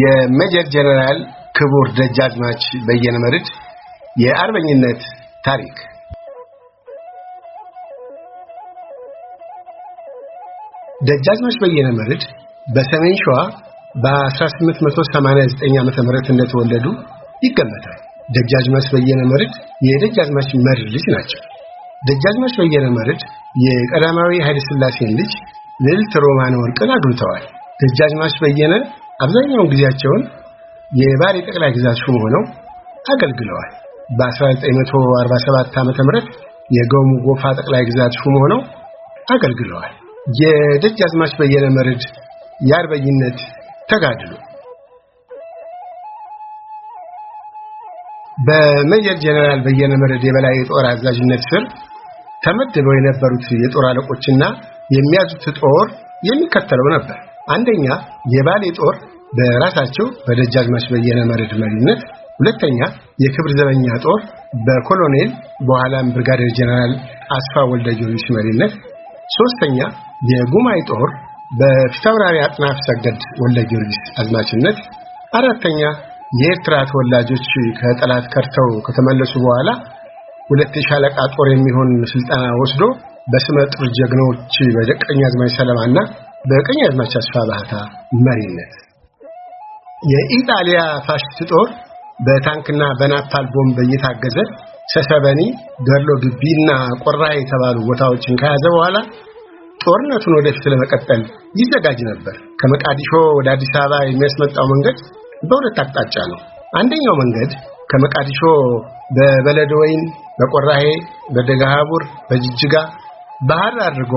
የሜጀር ጀነራል ክቡር ደጃዝማች በየነ መርድ የአርበኝነት ታሪክ ደጃዝማች በየነ መርድ በሰሜን ሸዋ በ1889 ዓ.ም እንደተወለዱ ይገመታል። ደጃዝማች በየነ መርድ የደጃዝማች መርድ ልጅ ናቸው። ደጃዝማች በየነ መርድ የቀዳማዊ ኃይለ ሥላሴን ልጅ ልዕልት ሮማነ ወርቅን አግብተዋል። ደጃዝማች በየነ አብዛኛውን ጊዜያቸውን የባሌ ጠቅላይ ግዛት ሹም ሆነው አገልግለዋል። በ1947 ዓ.ም የጎሙ የገሙ ጎፋ ጠቅላይ ግዛት ሹም ሆነው አገልግለዋል። የደጃዝማች በየነ መርድ የአርበኝነት ተጋድሎ በመጀር ጀነራል በየነ መርድ የበላይ የጦር አዛዥነት ስር ተመድበው የነበሩት የጦር አለቆችና የሚያዙት ጦር የሚከተለው ነበር። አንደኛ የባሌ ጦር በራሳቸው በደጃዝማች በየነ መርድ መሪነት፣ ሁለተኛ የክብር ዘበኛ ጦር በኮሎኔል በኋላም ብርጋዴር ጀነራል አስፋ ወልደ ጊዮርጊስ መሪነት፣ ሶስተኛ የጉማይ ጦር በፊታውራሪ አጥናፍ ሰገድ ወልደ ጊዮርጊስ አዝማችነት፣ አራተኛ የኤርትራ ተወላጆች ከጠላት ከርተው ከተመለሱ በኋላ ሁለት የሻለቃ ጦር የሚሆን ስልጠና ወስዶ በስመጥር ጀግኖች ጀግኖች በደቀኛዝማች ሰለማና አዝማች አስፋ ባህታ መሪነት የኢጣሊያ ፋሽስት ጦር በታንክና በናፓል ቦምብ እየታገዘ ሰሰበኒ፣ ገድሎ ግቢና ቆራ የተባሉ ቦታዎችን ከያዘ በኋላ ጦርነቱን ወደፊት ለመቀጠል ይዘጋጅ ነበር። ከመቃዲሾ ወደ አዲስ አበባ የሚያስመጣው መንገድ በሁለት አቅጣጫ ነው። አንደኛው መንገድ ከመቃዲሾ በበለድ ወይን፣ በቆራሄ፣ በደጋሃቡር፣ በጅጅጋ ባህር አድርጎ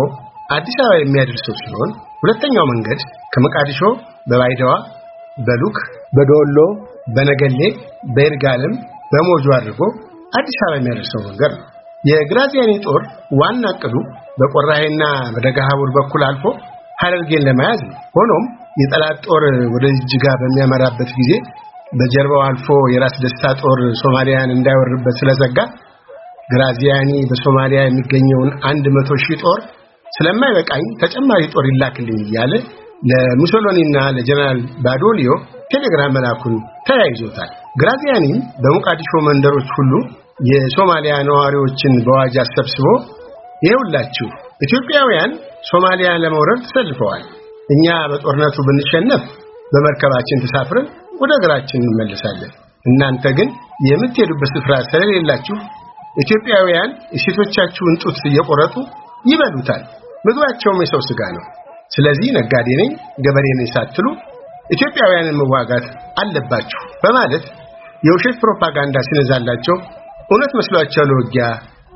አዲስ አበባ የሚያደርሰው ሲሆን ሁለተኛው መንገድ ከመቃዲሾ በባይደዋ በሉክ በዶሎ በነገሌ በይርጋለም በሞጆ አድርጎ አዲስ አበባ የሚያደርሰው መንገድ ነው። የግራዚያኒ ጦር ዋና እቅዱ በቆራሄና በደጋሃቡር በኩል አልፎ ሐረርጌን ለመያዝ ነው። ሆኖም የጠላት ጦር ወደ ጅጅጋ በሚያመራበት ጊዜ በጀርባው አልፎ የራስ ደስታ ጦር ሶማሊያን እንዳይወርበት ስለዘጋ ግራዚያኒ በሶማሊያ የሚገኘውን አንድ መቶ ሺህ ጦር ስለማይበቃኝ ተጨማሪ ጦር ይላክልኝ እያለ ለሙሶሎኒና ለጀነራል ባዶሊዮ ቴሌግራም መላኩን ተያይዞታል። ግራዚያኒ በሞቃዲሾ መንደሮች ሁሉ የሶማሊያ ነዋሪዎችን በዋጅ አሰብስቦ ይኸውላችሁ ኢትዮጵያውያን ሶማሊያ ለመውረር ተሰልፈዋል። እኛ በጦርነቱ ብንሸነፍ በመርከባችን ተሳፍረን ወደ ሀገራችን እንመለሳለን። እናንተ ግን የምትሄዱበት ስፍራ ስለሌላችሁ ኢትዮጵያውያን የሴቶቻችሁን ጡት እየቆረጡ ይበሉታል። ምግባቸውም የሰው ስጋ ነው። ስለዚህ ነጋዴ ነኝ ገበሬ ነኝ ሳትሉ ኢትዮጵያውያንን መዋጋት አለባችሁ በማለት የውሸት ፕሮፓጋንዳ ሲነዛላቸው እውነት መስሏቸው ለውጊያ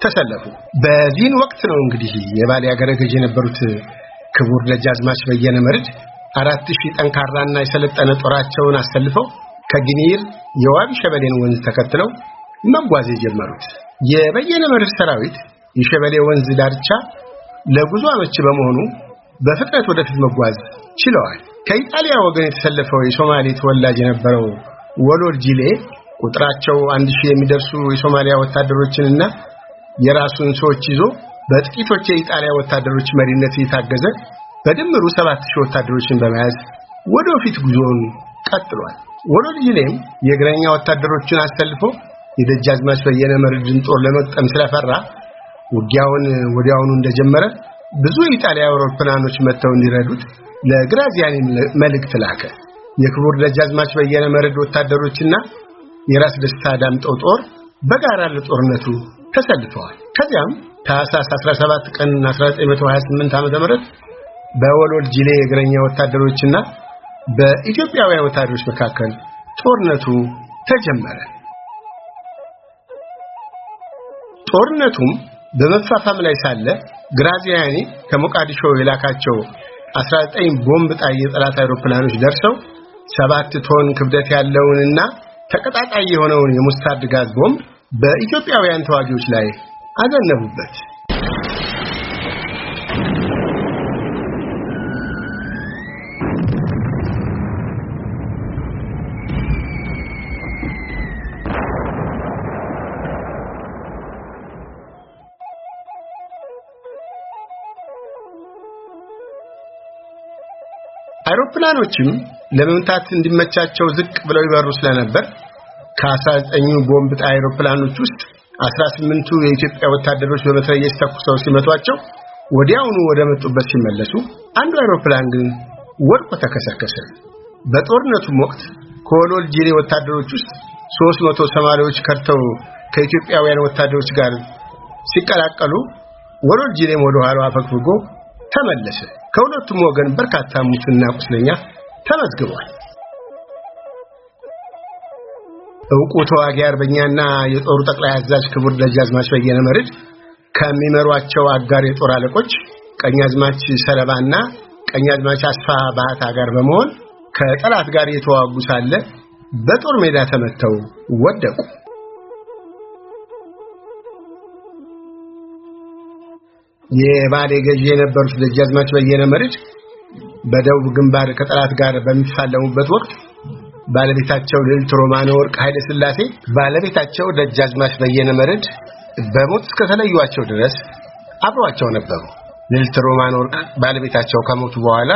ተሰለፉ። በዚህን ወቅት ነው እንግዲህ የባሌ ሀገረ ገዥ የነበሩት ክቡር ደጃዝማች በየነ መርድ አራት ሺህ ጠንካራና የሰለጠነ ጦራቸውን አሰልፈው ከግኒር የዋቢ ሸበሌን ወንዝ ተከትለው መጓዝ የጀመሩት። የበየነ መርድ ሰራዊት የሸበሌ ወንዝ ዳርቻ ለጉዞ አመች በመሆኑ በፍጥነት ወደፊት መጓዝ ችለዋል። ከኢጣሊያ ወገን የተሰለፈው የሶማሌ ተወላጅ የነበረው ወሎድ ጂሌ ቁጥራቸው አንድ ሺህ የሚደርሱ የሶማሊያ ወታደሮችንና የራሱን ሰዎች ይዞ በጥቂቶች የኢጣሊያ ወታደሮች መሪነት እየታገዘ በድምሩ ሰባት ሺህ ወታደሮችን በመያዝ ወደፊት ጉዞውን ቀጥሏል። ወሎድ ጂሌም የእግረኛ ወታደሮችን አሰልፎ የደጃዝማች በየነ መርድን ጦር ለመቅጠም ስለፈራ ውጊያውን ወዲያውኑ እንደጀመረ ብዙ የኢጣሊያ አውሮፕላኖች መጥተው እንዲረዱት ለግራዚያኒ መልእክት ላከ። የክቡር ደጃዝማች በየነ መርድ ወታደሮችና የራስ ደስታ ዳምጠው ጦር በጋራ ለጦርነቱ ተሰልፈዋል። ከዚያም ታህሳስ 17 ቀን 1928 ዓ.ም በወሎል ጅሌ የእግረኛ ወታደሮችና በኢትዮጵያውያን ወታደሮች መካከል ጦርነቱ ተጀመረ። ጦርነቱም በመፋፋም ላይ ሳለ ግራዚያኒ ከሞቃዲሾ የላካቸው 19 ቦምብ ጣይ የጠላት አውሮፕላኖች ደርሰው ሰባት ቶን ክብደት ያለውንና ተቀጣጣይ የሆነውን የሙስታርድ ጋዝ ቦምብ በኢትዮጵያውያን ተዋጊዎች ላይ አዘነቡበት። አውሮፕላኖችም ለመምታት እንዲመቻቸው ዝቅ ብለው ይበሩ ስለነበር ከ19ኙ ቦምብ አውሮፕላኖች ውስጥ 18ቱ የኢትዮጵያ ወታደሮች በመትረየስ ተኩሰው ሲመቷቸው ወዲያውኑ ወደ መጡበት ሲመለሱ አንዱ አውሮፕላን ግን ወድቆ ተከሰከሰ። በጦርነቱም ወቅት ከወሎል ጅሬ ወታደሮች ውስጥ 300 ሰማሪዎች ከርተው ከኢትዮጵያውያን ወታደሮች ጋር ሲቀላቀሉ ወሎል ጅሬም ወደ ኋላው አፈግፍጎ ተመለሰ። ከሁለቱም ወገን በርካታ ሙትና ቁስለኛ ተመዝግቧል። እውቁ ተዋጊ አርበኛና የጦሩ ጠቅላይ አዛዥ ክቡር ደጃዝማች በየነ መርድ ከሚመሯቸው አጋር የጦር አለቆች ቀኛዝማች ሰለባና ቀኛዝማች አስፋ ባህታ ጋር በመሆን ከጠላት ጋር የተዋጉ ሳለ በጦር ሜዳ ተመተው ወደቁ። የባሌ ገዢ የነበሩት ደጃዝማች በየነ መርድ በደቡብ ግንባር ከጠላት ጋር በሚፋለሙበት ወቅት ባለቤታቸው ልዕልት ሮማነ ወርቅ ኃይለ ሥላሴ ባለቤታቸው ደጃዝማች በየነ መርድ በሞት እስከተለዩቸው ድረስ አብሯቸው ነበሩ። ልዕልት ሮማነ ወርቅ ባለቤታቸው ከሞቱ በኋላ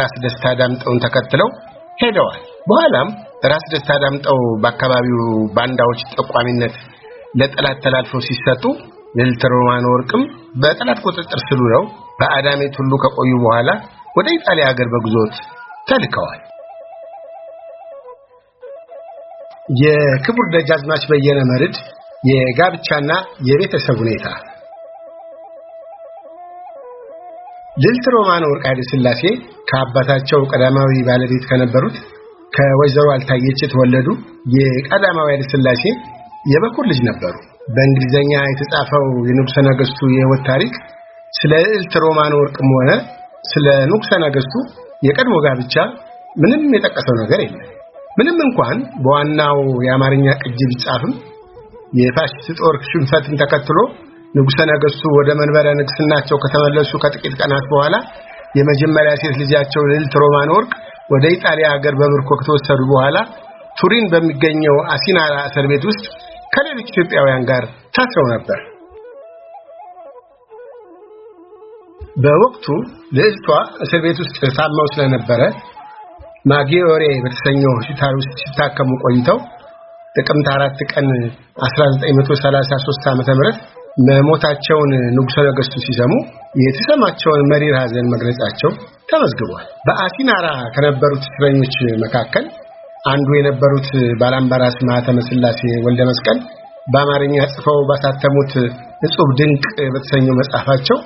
ራስ ደስታ ዳምጠውን ተከትለው ሄደዋል። በኋላም ራስ ደስታ ዳምጠው በአካባቢው ባንዳዎች ጠቋሚነት ለጠላት ተላልፈው ሲሰጡ የዶክተር ወርቅም በጠላት ቁጥጥር ስር ውለው በአዳሜት ሁሉ ከቆዩ በኋላ ወደ ኢጣሊያ ሀገር በጉዞት ተልከዋል። የክቡር ደጃዝማች በየነ መርድ የጋብቻና የቤተሰብ ሁኔታ ልዕልት ሮማን ወርቅ ኃይለ ሥላሴ ከአባታቸው ቀዳማዊ ባለቤት ከነበሩት ከወይዘሮ አልታየች የተወለዱ የቀዳማዊ ኃይለ ሥላሴ የበኩር ልጅ ነበሩ። በእንግሊዘኛ የተጻፈው የንጉሰ ነገስቱ የህይወት ታሪክ ስለ እልት ሮማን ወርቅም ሆነ ስለ ንጉሰ ነገስቱ የቀድሞ ጋብቻ ምንም የጠቀሰው ነገር የለም። ምንም እንኳን በዋናው የአማርኛ ቅጅ ቢጻፍም የፋሽስት ጦር ሽንፈትን ተከትሎ ንጉሰ ነገስቱ ወደ መንበረ ንግስናቸው ከተመለሱ ከጥቂት ቀናት በኋላ የመጀመሪያ ሴት ልጃቸው ልዕልት ሮማን ወርቅ ወደ ኢጣሊያ ሀገር በምርኮ ከተወሰዱ በኋላ ቱሪን በሚገኘው አሲናራ እስር ቤት ውስጥ ከሌሎች ኢትዮጵያውያን ጋር ታስረው ነበር። በወቅቱ ልዕልቷ እስር ቤት ውስጥ ታመው ስለነበረ ማጊዮሬ በተሰኘው ሆስፒታል ውስጥ ሲታከሙ ቆይተው ጥቅምት 4 ቀን 1933 ዓመተ ምህረት መሞታቸውን ንጉሠ ነገሥቱ ሲሰሙ የተሰማቸውን መሪር ሐዘን መግለጻቸው ተመዝግቧል። በአሲናራ ከነበሩት እስረኞች መካከል አንዱ የነበሩት ባላምባራስ ማኅተመ ሥላሴ ወልደ መስቀል በአማርኛ ጽፈው ባሳተሙት እጹብ ድንቅ በተሰኘው መጽሐፋቸው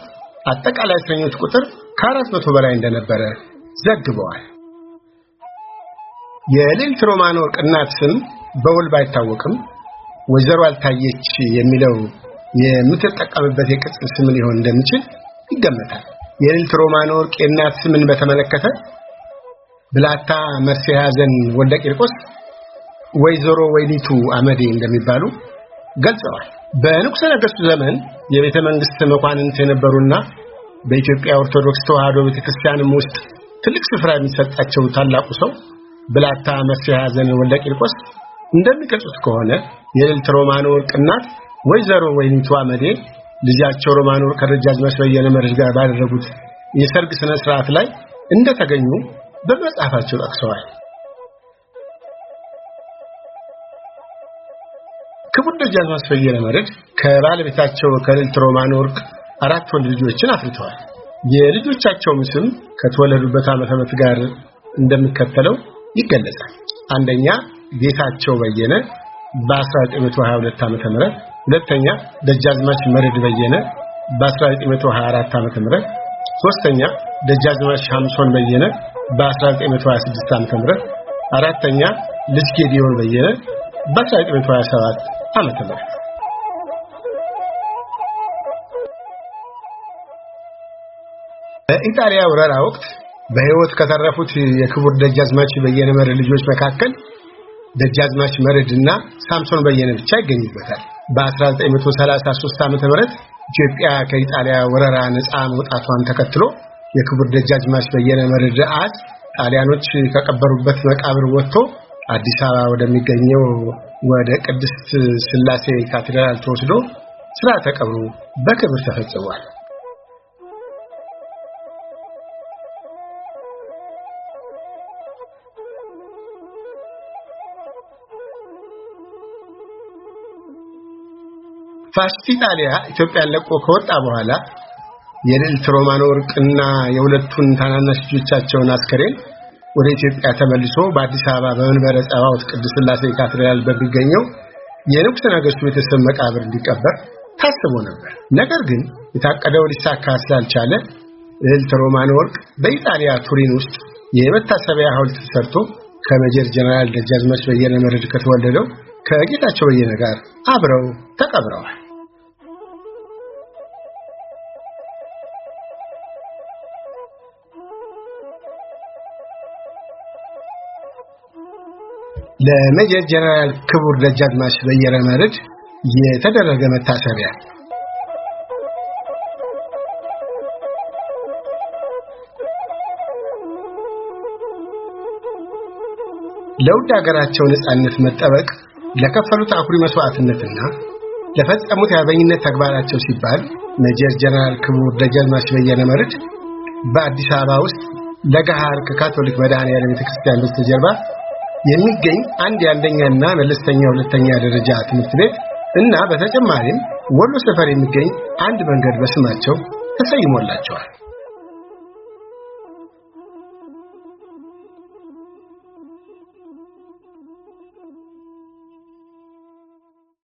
አጠቃላይ እስረኞች ቁጥር ከአራት መቶ በላይ እንደነበረ ዘግበዋል። የልዕልት ሮማን ወርቅናት ስም በውል ባይታወቅም ወይዘሮ አልታየች የሚለው የምትጠቀምበት የቅጽል ስም ሊሆን እንደሚችል ይገመታል። የልዕልት ሮማን ወርቅ የእናት ስምን በተመለከተ ብላታ መርሴ ሀዘን ወልደ ቂርቆስ ወይዘሮ ወይኒቱ አመዴ እንደሚባሉ ገልጸዋል። በንጉሠ ነገሥቱ ዘመን የቤተ መንግስት መኳንንት የነበሩና በኢትዮጵያ ኦርቶዶክስ ተዋሕዶ ቤተክርስቲያን ውስጥ ትልቅ ስፍራ የሚሰጣቸው ታላቁ ሰው ብላታ መርሴ ሀዘን ወልደ ቂርቆስ እንደሚገልጹት ከሆነ የልዕልት ሮማን ወርቅ እናት ወይዘሮ ወይኒቱ አመዴ ልጃቸው ሮማን ወርቅ ከደጃዝማች በየነ ጋር ባደረጉት የሰርግ ስነ ስርዓት ላይ እንደተገኙ በመጽሐፋቸው ጠቅሰዋል። ክቡር ደጃዝማች በየነ መርድ ከባለቤታቸው ከልዕልት ሮማን ወርቅ አራት ወንድ ልጆችን አፍርተዋል። የልጆቻቸውም ስም ከተወለዱበት ዓመተ ምሕረት ጋር እንደሚከተለው ይገለጻል። አንደኛ ጌታቸው በየነ በ1922 ዓመተ ምህረት፣ ሁለተኛ ደጃዝማች መረድ በየነ በ1924 ዓመተ ምህረት፣ ሶስተኛ ደጃዝማች ሻምሶን በየነ በ1926 ዓ.ም አራተኛ ልጅ ጌዲዮን በየነ በ1927 ዓ.ም በኢጣሊያ ወረራ ወቅት በሕይወት ከተረፉት የክቡር ደጃዝማች በየነ መርህ ልጆች መካከል ደጃዝማች መርህና ሳምሶን በየነ ብቻ ይገኙበታል። በ1933 ዓ.ም ኢትዮጵያ ከኢጣሊያ ወረራ ነፃ መውጣቷን ተከትሎ የክቡር ደጃዝማች በየነ መርድ ጣሊያኖች ከቀበሩበት መቃብር ወጥቶ አዲስ አበባ ወደሚገኘው ወደ ቅድስት ስላሴ ካቴድራል ተወስዶ ስርዓተ ቀብሩ በክብር ተፈጽሟል። ፋሽስት ኢጣሊያ ኢትዮጵያን ለቆ ከወጣ በኋላ የልዕልት ሮማን ወርቅና የሁለቱን ታናናሽ ልጆቻቸውን አስከሬን ወደ ኢትዮጵያ ተመልሶ በአዲስ አበባ በመንበረ ጸባዖት ቅድስት ሥላሴ ካቴድራል በሚገኘው የንጉሠ ነገሥቱ ቤተሰብ መቃብር እንዲቀበር ታስቦ ነበር። ነገር ግን የታቀደው ሊሳካ ስላልቻለ ልዕልት ሮማን ወርቅ በኢጣሊያ ቱሪን ውስጥ የመታሰቢያ ሐውልት ተሰርቶ ከመጀር ጀነራል ደጃዝማች በየነ መርድ ከተወለደው ከጌታቸው በየነ ጋር አብረው ተቀብረዋል። ለሜጀር ጀነራል ክቡር ደጃዝማች በየነ መርድ የተደረገ መታሰቢያ ለውድ ሀገራቸው ነጻነት መጠበቅ ለከፈሉት አኩሪ መስዋዕትነትና ለፈጸሙት የአርበኝነት ተግባራቸው ሲባል ሜጀር ጀነራል ክቡር ደጃዝማች በየነ መርድ በአዲስ አበባ ውስጥ ለገሃር ከካቶሊክ መድኃኔዓለም ቤተክርስቲያን በስተጀርባ የሚገኝ አንድ የአንደኛና መለስተኛ ሁለተኛ ደረጃ ትምህርት ቤት እና በተጨማሪም ወሎ ሰፈር የሚገኝ አንድ መንገድ በስማቸው ተሰይሞላቸዋል።